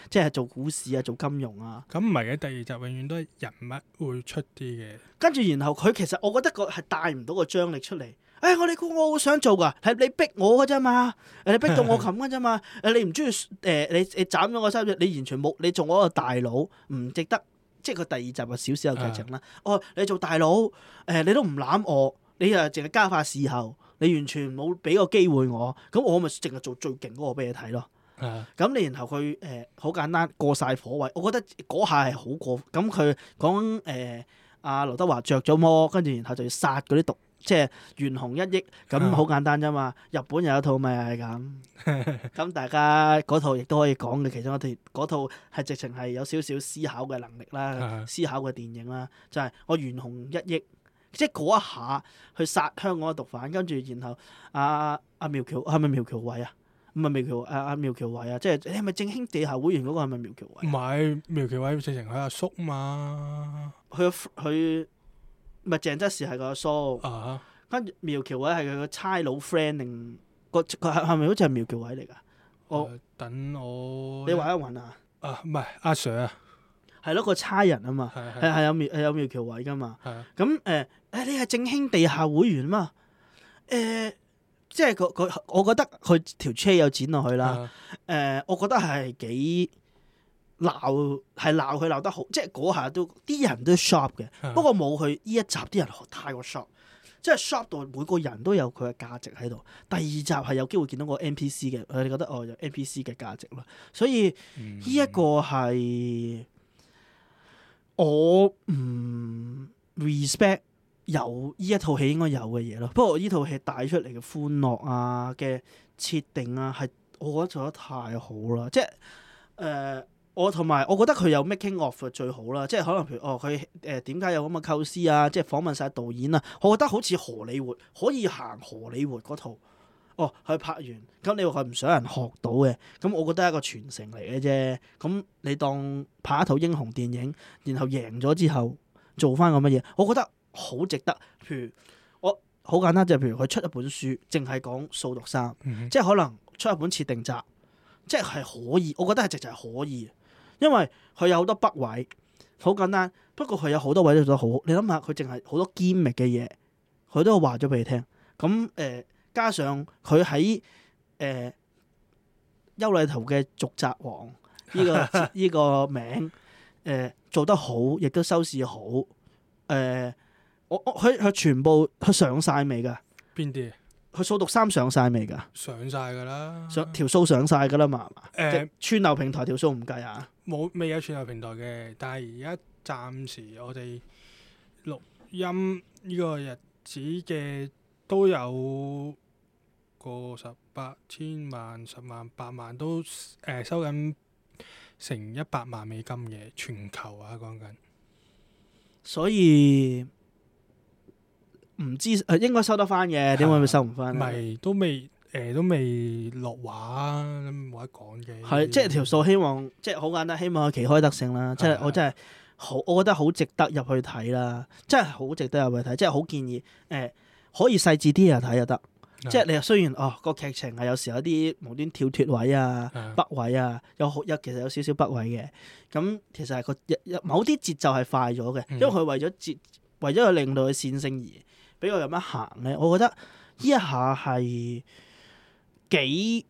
Speaker 2: 即係做股市啊，做金融啊。咁唔係嘅，第二集永遠都係人物會出啲嘅。跟住然後佢其實我覺得個係帶唔到個張力出嚟。哎，我哋估我好想做噶，係你逼我噶啫嘛，你逼到我咁噶啫嘛， 你唔中意誒，你你斬咗我三日，你完全冇，你做我個大佬唔值得。即係佢第二集啊少少有劇情啦。Yeah. 哦，你做大佬，誒、呃、你都唔攬我，你啊淨係加快事後，你完全冇俾個機會我，咁我咪淨係做最勁嗰個俾你睇咯。咁你 Yeah.、嗯、然後佢誒好簡單過晒火位，我覺得嗰下係好過。咁佢講誒阿劉德華著咗魔，跟住然後就要殺嗰啲毒。即係袁弘一億咁好簡單啫嘛，啊、日本有一套咪係咁，咁大家嗰套亦都可以講嘅。其中一啲嗰套係直情係有少少思考嘅能力啦，的思考嘅電影啦，就係、是、我袁弘一億，即係嗰一下去殺香港嘅毒販，跟住然後阿阿、啊啊、苗僑係咪苗僑偉啊？唔、啊、係苗僑，阿、啊、阿苗僑偉啊，即係你係咪正興地下會員嗰、那個係咪苗僑
Speaker 1: 偉、啊？唔係苗僑偉，直情係阿叔嘛。
Speaker 2: 佢佢。唔係鄭則仕係個阿蘇、uh，跟、huh. 住苗僑偉係佢個差佬 friend，定個佢係咪好似係苗僑偉嚟噶？Uh, 我等我，你玩一玩啊、uh,！啊，唔係阿 Sir 啊，係咯、那個差人啊嘛，係係、uh huh. 有苗有苗僑偉噶嘛，咁誒誒你係正興地下會員啊嘛，誒、呃、即係佢佢我覺得佢條車有剪落去啦，誒我覺得係幾。Huh. Uh huh. uh huh. 鬧係鬧佢鬧得好，即係嗰下都啲人都 shop 嘅， 不過冇佢呢一集啲人太過 shop，即係 shop 到每個人都有佢嘅價值喺度。第二集係有機會見到個 NPC 嘅，我、呃、你覺得哦有 NPC 嘅價值咯。所以呢一、嗯、個係我唔 respect 有呢一套戲應該有嘅嘢咯。不過呢套戲帶出嚟嘅歡樂啊嘅設定啊，係我覺得做得太好啦。即係誒。呃我同埋，我覺得佢有 making of 最好啦，即係可能譬如哦，佢誒點解有咁嘅構思啊？即係訪問晒導演啊！我覺得好似荷里活可以行荷里活嗰套哦，佢拍完，咁你話佢唔想人學到嘅，咁我覺得係一個傳承嚟嘅啫。咁你當拍一套英雄電影，然後贏咗之後做翻個乜嘢？我覺得好值得。譬如我好簡單，就譬如佢出一本書，淨係講掃毒三，即係可能出一本設定集，即係可以。我覺得係直情係可以。因為佢有好多北位，好簡單。不過佢有好多位都做得好，你諗下佢淨係好多揭秘嘅嘢，佢都話咗俾你聽。咁誒、呃，加上佢喺誒優麗頭嘅續集王呢、呢個呢 個名誒、呃、做得好，亦都收視好。誒、呃，我我佢佢全部佢上晒未噶邊啲？佢掃毒三上晒未㗎？上
Speaker 1: 晒㗎啦，
Speaker 2: 上，條數上晒㗎啦嘛？誒、欸，串流平台條數唔計啊。冇
Speaker 1: 未有串流平台嘅，但係而家暫時我哋錄音呢個日子嘅都有個十八千萬、十萬、八萬都誒、呃、收緊成一百萬美金嘅全球啊，講緊。
Speaker 2: 所以。唔知誒，應該收得翻嘅，點解會收唔翻？唔係都未誒，都未落畫，都冇得講嘅。係即係條數，希望即係好簡單，希望旗開得勝啦！即係我真係好，我覺得好值得入去睇啦！真係好值得入去睇，即係好建議誒，可以細緻啲入睇就得。即係你雖然哦個劇情係有時有啲無端跳脫位啊、筆位啊，有好有其實有少少筆位嘅。咁其實係個某啲節奏係快咗嘅，因為佢為咗節為咗去令到佢線性而。俾我有乜行咧？我覺得呢一下係幾，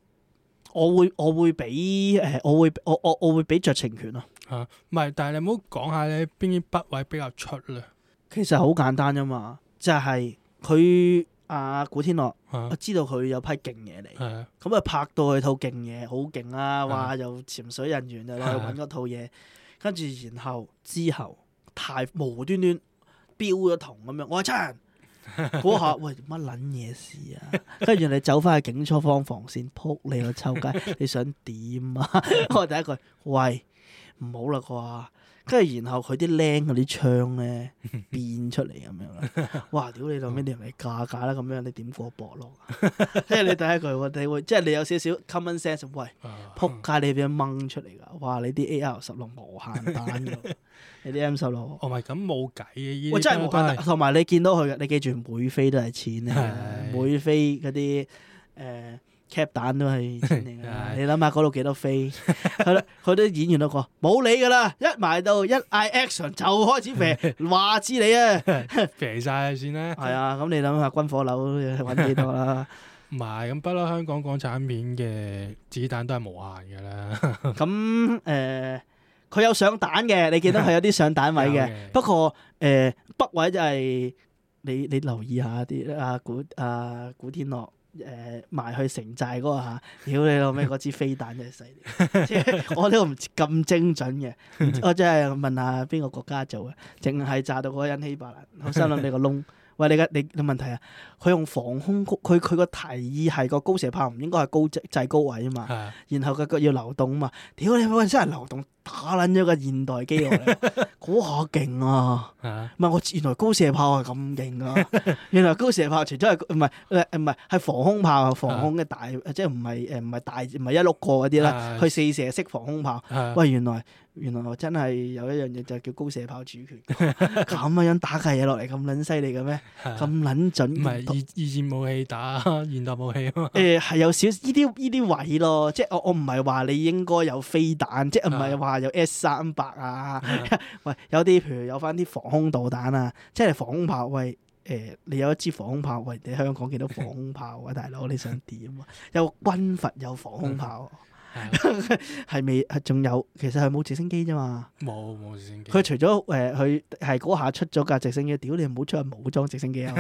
Speaker 2: 我會我會俾誒，我會我我我會俾酌情權咯。嚇，
Speaker 1: 唔係，但係你唔好講下咧，邊啲筆位比較出咧？
Speaker 2: 其實好簡單啫嘛，就係佢阿古天樂，我知道佢有批勁嘢嚟，咁啊拍到佢套勁嘢好勁啊。話又潛水人員就落去揾嗰套嘢，跟住然後之後太無端端標咗銅咁樣，我話七人。嗰下 喂，乜撚嘢事啊？跟住你走翻去警察方防線，扑你個臭街，你想點啊？ 我第一句喂，唔好啦啩。跟住然後佢啲僆嗰啲槍咧變出嚟咁樣， 哇！屌你老味！你咪架架啦咁樣，你點過博落？跟住 你第一句我哋會，即係你有少少 common sense，喂！撲街你俾人掹出嚟噶，哇！你啲 A R 十六無限彈㗎， 你啲 M 十六。哦，咪咁冇計嘅，依啲。喂，真係冇計。同埋你見到佢你記住每飛都係錢咧，每飛嗰啲誒。 cap 蛋都係， 的你諗下嗰度幾多飛？係啦， 佢啲演員都講冇你噶啦，一埋到一嗌 action 就開始肥， 話之你啊，飛曬先啦。係、嗯、啊，咁你諗下軍火佬揾幾多啦？
Speaker 1: 唔係咁不嬲，嗯、不香港港產片嘅子彈都係無限嘅啦。
Speaker 2: 咁 誒、嗯，佢、呃、有上彈嘅，你見得佢有啲上彈位嘅。 不過誒、呃，北位就係、是、你你，你留意下啲阿、啊啊、古阿、啊、古天樂。誒、呃、埋去城寨嗰、那個嚇，屌你老味！嗰支飛彈真係犀利， 我呢個唔知咁精準嘅，我真係問下邊個國家做嘅，淨係炸到嗰個希伯爆裂，好心諗你個窿。 喂，你嘅你問題啊？佢用防空佢佢個提議係個高射炮，唔應該係高制高位啊嘛。 然後佢佢要流動啊嘛，屌你老味，真係流動。打撚咗個現代機，嗰下勁啊！唔係我原來高射炮係咁勁啊！ 原來高射炮除咗係唔係唔係係防空炮、防空嘅大，啊、即係唔係誒唔係大唔係一碌個嗰啲啦，係、啊、四射式防空炮。啊、喂，原來原來我真係有一樣嘢就叫高射炮主權咁 樣打架嘢落嚟咁撚犀利嘅咩？咁撚 準唔係二二戰武器打現代武器啊嘛？誒係、呃、有少少依啲依啲位咯，即係、就是、我我唔係話你應該有飛彈，即係唔係話。S 有 S 三百啊，喂， 有啲譬如有翻啲防空導彈啊，即係防空炮，喂，誒、欸，你有一支防空炮，喂，你喺香港見到防空炮喂、啊、 大佬，你想點啊？有軍閥有防空炮。 係未？係仲有？其實係冇直升機啫嘛。冇冇直升機。佢除咗誒，佢係嗰下出咗架直升機，屌你唔好出去武裝直升機啊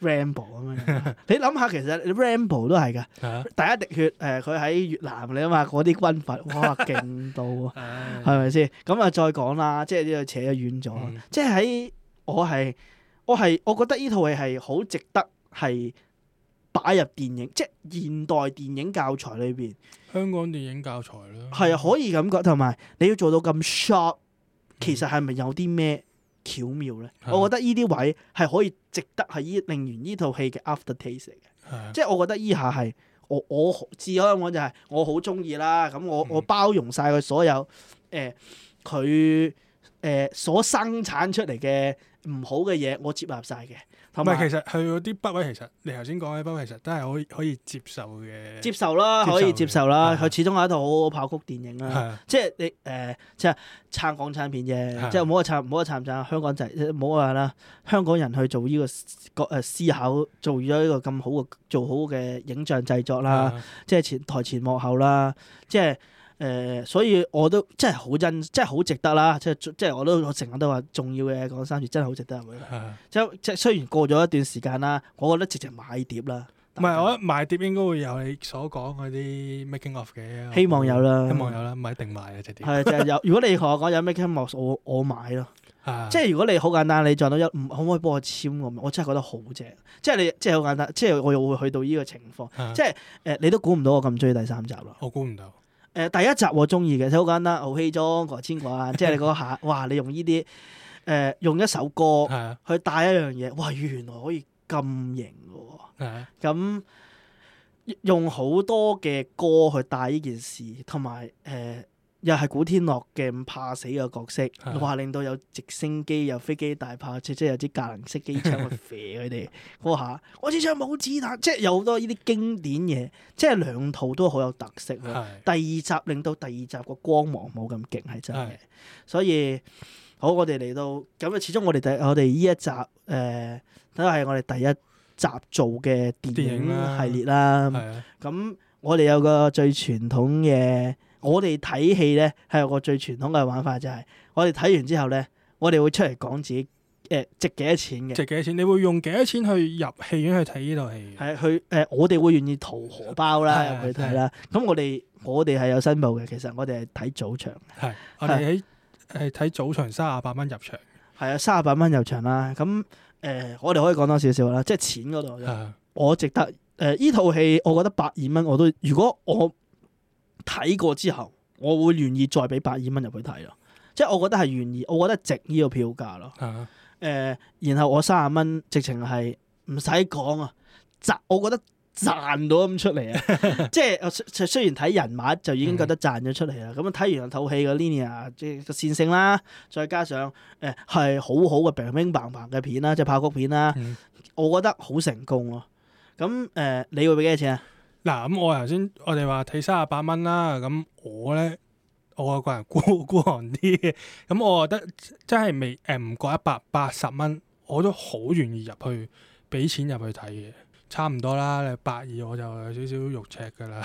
Speaker 2: ？Rambo 咁樣。你諗下，其實 Rambo 都係噶。第一滴血誒，佢喺越南你諗下嗰啲軍閥哇勁到啊，係咪先？咁啊再講啦，即係呢個扯遠咗。即係喺我係我係我覺得呢套戲係好值得係。擺入電影，即係現代電影教材裏邊。
Speaker 1: 香港電影教材
Speaker 2: 啦，係啊，可以咁講。同埋你要做到咁 sharp，其實係咪有啲咩巧妙咧？嗯、我覺得呢啲位係可以值得係依令完呢套戲嘅 after taste 嚟嘅。即係、嗯、我覺得依下係我我至可香港就係我好中意啦。咁我我包容晒佢所有誒佢誒所生產出嚟嘅唔好嘅嘢，我接納晒嘅。唔係，其實
Speaker 1: 佢嗰啲不位，其實你頭先講嘅啲不位，其實
Speaker 2: 都係可以可以接受嘅。接受啦，可以接受啦。佢始終係一套好好爆谷電影啦。的即係你誒、呃，即係撐港產片啫。的即係唔好話撐，唔好話撐唔撐。香港製，唔好話啦。香港人去做呢個各誒思考，做咗呢個咁好嘅做好嘅影像製作啦。的即係前台前幕後啦。即係。誒，所以我都真係好真，真係好值得啦！即係即係我都成日都話重要嘅講三次，真係好值得。係啊，即係即係雖然過咗一段時間啦，我覺得直情買碟啦。
Speaker 1: 唔係我買碟應該會有你所講嗰啲 making of 嘅。希望有啦，希望有啦，唔係一定買啊？即係係就係有。如果你
Speaker 2: 同我講有 making of，我我買咯。即係如果你好簡單，你撞到一，唔可唔可以幫我簽我？我真係覺得好正。即係你，即係好簡單。即係我又會去到呢個情況。即係誒，你都估唔到我咁中意第三集咯。我估唔到。誒、呃、第一集我中意嘅，就好簡單，敖 氣宗、何千萬即個即係你嗰下，哇！你用呢啲誒用一首歌去帶一樣嘢，哇！原來可以咁型嘅喎，咁、 嗯、用好多嘅歌去帶呢件事，同埋誒。呃又係古天樂嘅唔怕死嘅角色，話的令到有直升機、有飛機、大炮，即係有啲格蘭式機槍去射佢哋嗰下。我支槍冇子彈，即係有好多呢啲經典嘢。即係兩套都好有特色，的第二集令到第二集個光芒冇咁勁，係真嘅。的所以好，我哋嚟到咁，始終我哋第我哋呢一集誒、呃，都係我哋第一集做嘅電影系列啦。咁、啊啊、我哋有個最傳統嘅。我哋睇戲咧係有個最傳統嘅玩法，就係、是、我哋睇完之後咧，我哋會出嚟講自己誒值幾多錢嘅。值幾多，錢，值幾多錢？你會用幾多錢去入戲院去睇呢套戲？係去誒、呃，我哋會願意掏荷包啦，入 的去睇啦。咁、嗯、我哋、嗯、我哋係有新報嘅。其實我哋係睇早場。係，
Speaker 1: 我哋喺係睇早場三十八蚊入
Speaker 2: 場。係啊，三十八蚊入場啦。咁誒，我哋可以講多少少啦，即、就、係、是、錢嗰度。我值得誒呢套戲，我覺得百二蚊我都，如果我。睇過之後，我會願意再俾百二蚊入去睇咯，即係我覺得係願意，我覺得值呢個票價咯。誒、uh huh. 呃，然後我三十蚊直情係唔使講啊，賺，我覺得賺到咁出嚟啊！ 即係雖然睇人物就已經覺得賺咗出嚟啦。咁啊睇完套戲嘅 linear 即係個線性啦，再加上誒係、呃、好好嘅乒乒乓乓嘅片啦，即係爆谷片啦，mm. 我覺得好成功咯。咁誒、
Speaker 1: 呃，你會俾幾多錢啊？嗱咁、啊，我頭先我哋話睇三十八蚊啦，咁我咧我個人孤孤寒啲嘅，咁我覺得真係未誒唔過一百八十蚊，我都好願意入去俾錢入去睇嘅，差唔多啦，你百二我就有少少肉赤噶啦。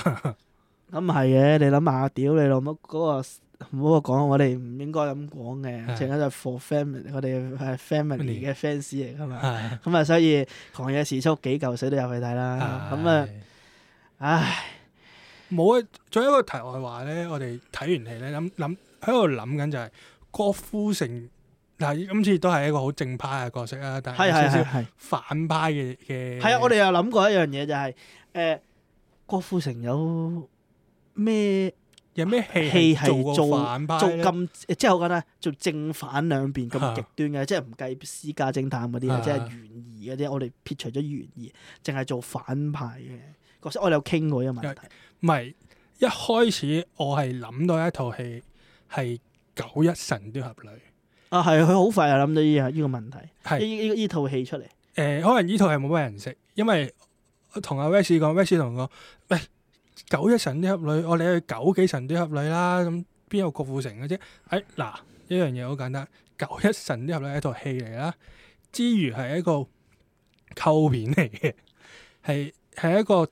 Speaker 2: 咁係嘅，你諗下，屌你老母嗰個唔好我講，我哋唔應該咁講嘅，而家就 for family，我哋係 family 嘅 fans 嚟噶嘛，咁、yeah. 啊對唉、嗯、所以狂野時速幾嚿水都入去睇啦，咁、嗯、啊～、嗯對唉 嗯
Speaker 1: 唉，冇啊！仲有一個題外話咧，我哋睇完戲咧諗諗喺度諗緊就係、是、郭富城嗱，但今次都係一個好正派嘅角色啊。但係有少，少少反派嘅嘅。係啊的，我哋
Speaker 2: 又諗過一樣嘢就係、是、誒、呃，郭富城有咩有咩戲係做反派是是做咁，即係我覺得做正反兩邊咁極端嘅，啊、即係唔計私家偵探嗰啲、啊、即係懸疑嗰啲，我哋撇除咗懸疑，淨係做反派嘅。角色我哋有傾過呢個問題，唔係一開始我係諗到
Speaker 1: 一套戲係九一神雕俠侶啊，係佢好快就諗到呢啊呢個問題，係
Speaker 2: 呢呢套戲出嚟。
Speaker 1: 誒、呃，可能呢套係冇咩人識，因為同阿 West 講，West 同我喂九一神雕俠侶，我哋去九幾神雕俠侶啦，咁邊有郭富城嘅啫？誒、哎，嗱，一樣嘢好簡單，九一神雕俠侶係一套戲嚟啦，之餘係一個構片嚟嘅，係係一個。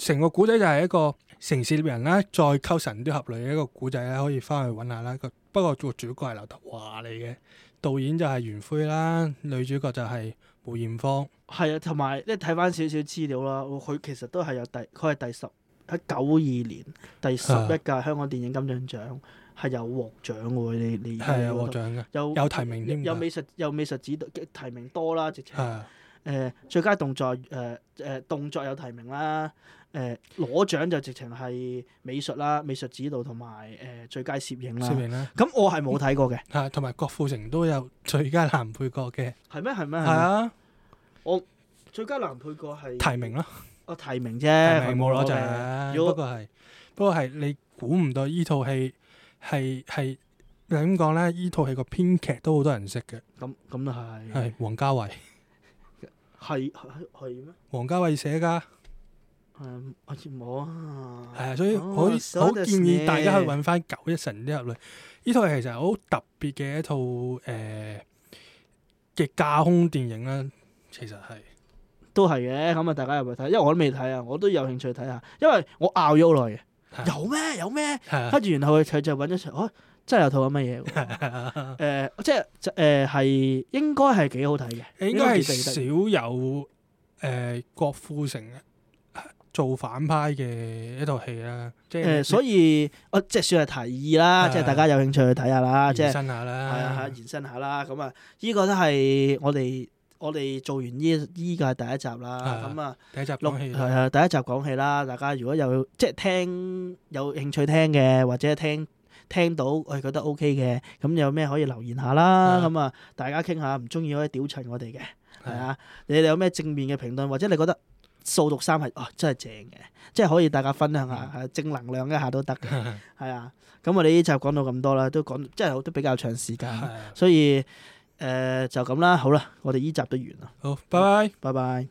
Speaker 1: 成個古仔就係一個城市獵人啦，再溝神雕俠侶一個古仔咧，可以翻去揾下啦。不過做主角係劉德華嚟嘅，導演就係袁輝啦，女主角就係梅艷芳。
Speaker 2: 係啊，同埋即係睇翻少少資料啦，佢其實都係有第，佢係第十喺九二年第十一屆香港電影金像獎係、啊、有獲獎嘅，呢呢啲係獲獎嘅，有有，有提名有，有美術有美術指導嘅提名多啦，直情誒、啊呃、最佳動作誒誒、呃呃、動作有提名啦。誒攞獎就直情係美術啦，美術指導同埋誒最佳攝影啦。攝影咧，咁我係冇睇
Speaker 1: 過嘅。係、嗯，同埋郭富城都有最佳男配角嘅。係咩？係咩？係啊！
Speaker 2: 我最佳男配角係提名咯。我提名啫，提名冇攞獎，如果不過係
Speaker 1: 不過係你估唔到依套戲係係點講咧？依套戲個編劇都好多人識嘅。咁咁都係。係王家衛。係
Speaker 2: 係係咩？
Speaker 1: 王家衛寫噶。
Speaker 2: 誒、啊，我亦冇啊。係啊，所以我好、oh, so 建議大家去揾翻《
Speaker 1: 九一神》呢入嚟。呢套其實係好特別嘅一套誒
Speaker 2: 嘅架空電影啦。
Speaker 1: 其實係
Speaker 2: 都係嘅，咁啊，大家入去睇，因為我都未睇啊，我都有興趣睇下。因為我拗咗好耐嘅，有咩？有咩的？跟住然後佢就揾咗出，哦、啊，真係有套咁嘅嘢。誒、 呃，即係誒，係應該係幾好睇嘅。應該係少有誒郭富城嘅。做反派
Speaker 1: 嘅一套戲啦，
Speaker 2: 即誒，所以我即係算係提議啦，即係、啊、大家有興趣去睇下啦，即係延伸下啦，係啊，延伸下啦，咁啊，呢、這個都係我哋我哋做完呢呢個係第一集啦，咁、哦、啊第一集第，第一集講起，係啊，第一集講戲啦，大家如果有即係、就是、聽有興趣聽嘅，或者聽聽到我哋覺得 O K 嘅，咁有咩可以留言下啦，咁、嗯、啊，大家傾下唔中意可以屌柒我哋嘅，係啊，你哋有咩正面嘅評論，或者你覺得？掃毒三係哦、啊，真係正嘅，即係可以大家分享下、嗯、正能量一下都得嘅，係 啊。咁我哋呢集講到咁多啦，都講即係都比較長時間， 所以誒、呃、就咁啦。好啦，我哋呢集都完啦。好，拜拜，拜拜。